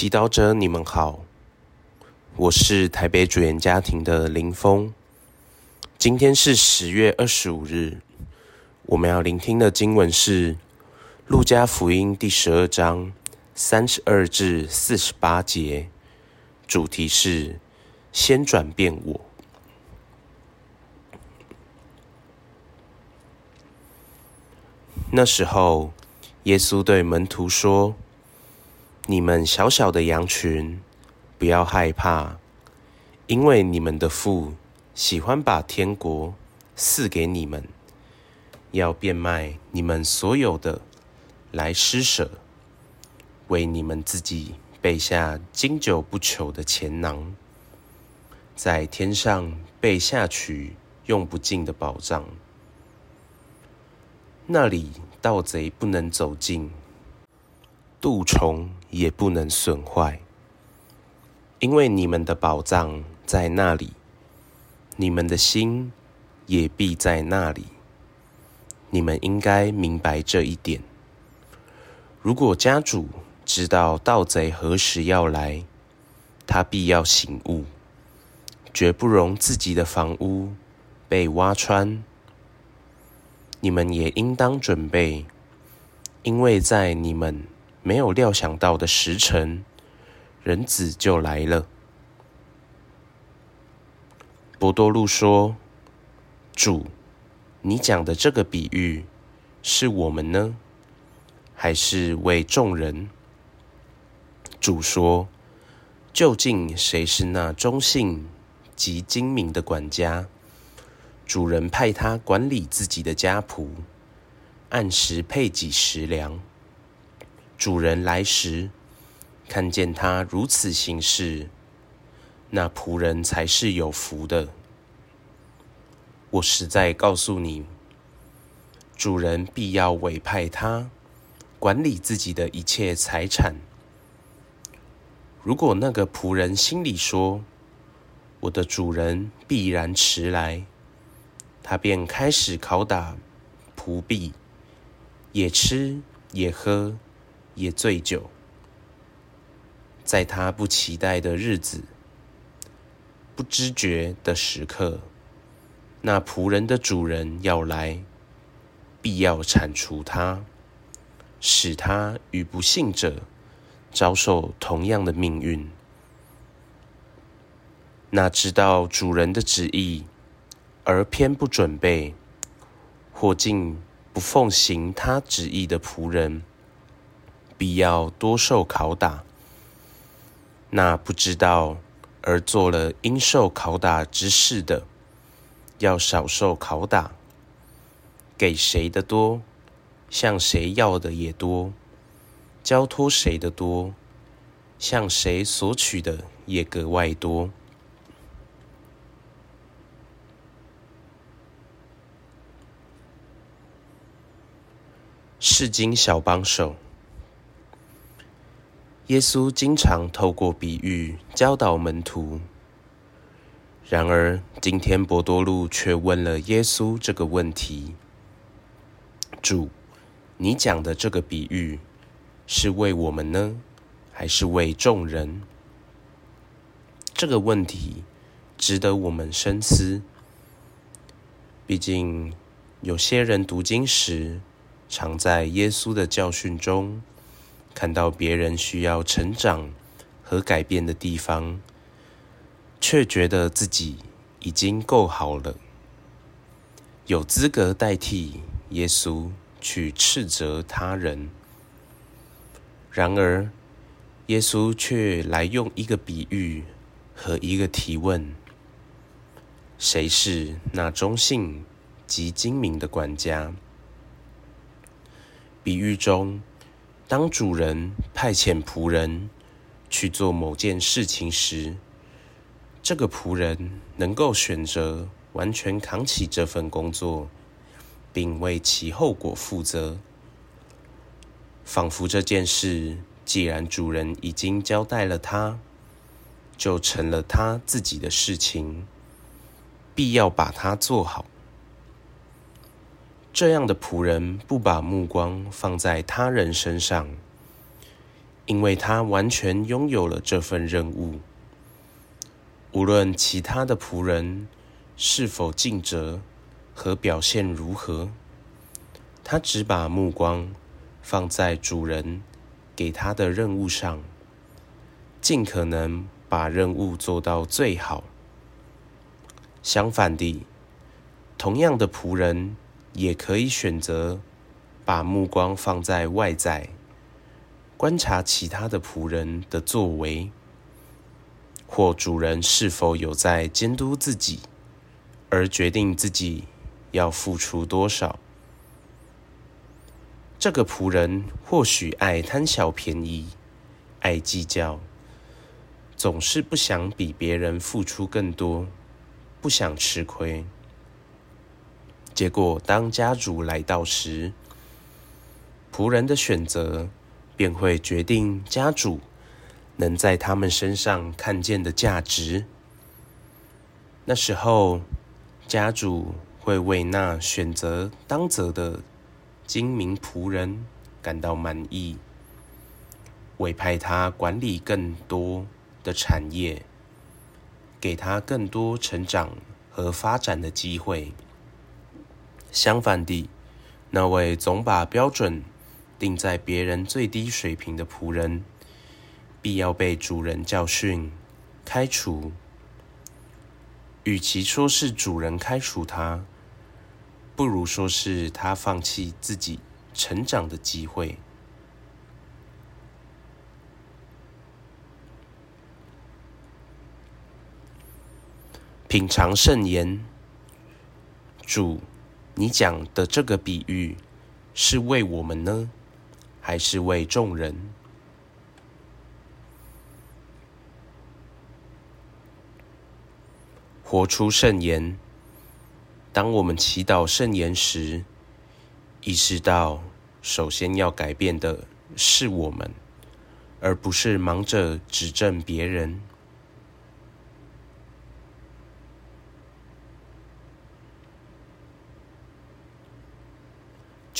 祈禱者，你們好，我是台北主演家庭的林峰。今天是十月二十五日，我們要聆聽的經文是《路加福音》第十二章三十二至四十八節，主題是“先轉變我”。那時候，耶穌對門徒說。你們小小的羊群，不要害怕，因為你們的父喜歡把天國賜給你們。要變賣你們所有的來施舍，為你們自己備下經久不朽的錢囊，在天上備下取用不盡的寶藏。那裡盜賊不能走近，蠹蟲。也不能損壞，因為你們的寶藏在那裡，你們的心也必在那裡。你們應該明白這一點。如果家主知道盜賊何時要來，他必要醒悟，絕不容自己的房屋被挖穿。你們也應當準備，因為在你們。沒有料想到的時辰，人子就來了。伯多祿說：“主，你講的這個比喻，是我們呢，還是為眾人？”主說：“究竟誰是那忠信及精明的管家？主人派他管理自己的家僕，按時配給食糧。”主人來時，看見他如此行事，那僕人才是有福的。我實在告訴你，主人必要委派他管理自己的一切財產。如果那個僕人心裡說：“我的主人必然遲來。”他便開始拷打僕婢，也吃也喝。也醉酒，在他不期待的日子、不知覺的時刻，那僕人的主人要來，必要鏟除他，使他與不信者遭受同樣的命運。那知道主人的旨意而偏不準備，或竟不奉行他旨意的僕人，必要多受拷打，那不知道而做了應受拷打之事的，要少受拷打。給誰的多，向誰要的也多；交托誰的多，向誰索取的也格外多。世經小幫手。耶穌經常透過比喻教導門徒。然而，今天伯多祿卻問了耶穌這個問題：“主，你講的這個比喻是為我們呢，還是為眾人？”這個問題值得我們深思。畢竟，有些人讀經時常在耶穌的教訓中。看到別人需要成長和改變的地方，卻覺得自己已經夠好了，有資格代替耶穌去斥責他人。然而，耶穌卻來用一個比喻和一個提問：“誰是那忠信及精明的管家？”比喻中。當主人派遣僕人去做某件事情時，這個僕人能夠選擇完全扛起這份工作，並為其後果負責。仿佛這件事既然主人已經交代了他，就成了他自己的事情，必要把它做好。這樣的僕人不把目光放在他人身上，因為他完全擁有了這份任務。無論其他的僕人是否盡責和表現如何，他只把目光放在主人給他的任務上，盡可能把任務做到最好。相反地，同樣的僕人。也可以選擇把目光放在外在，觀察其他的僕人的作為，或主人是否有在監督自己，而決定自己要付出多少。這個僕人或許愛貪小便宜，愛計較，總是不想比別人付出更多，不想吃虧。結果，當家主來到時，僕人的選擇便會決定家主能在他們身上看見的價值。那時候，家主會為那選擇當則的精明僕人感到滿意，委派他管理更多的產業，給他更多成長和發展的機會。相反地，那位總把標準定在別人最低水平的僕人，必要被主人教訓、開除。與其說是主人開除他，不如說是他放棄自己成長的機會。品嘗聖言，主。你講的這個比喻，是為我們呢，還是為眾人？活出聖言。當我們祈禱聖言時，意識到首先要改變的是我們，而不是忙着指正別人。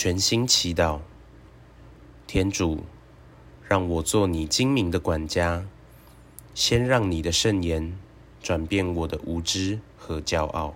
全心祈禱，天主，讓我做你精明的管家。先讓你的聖言轉變我的無知和驕傲。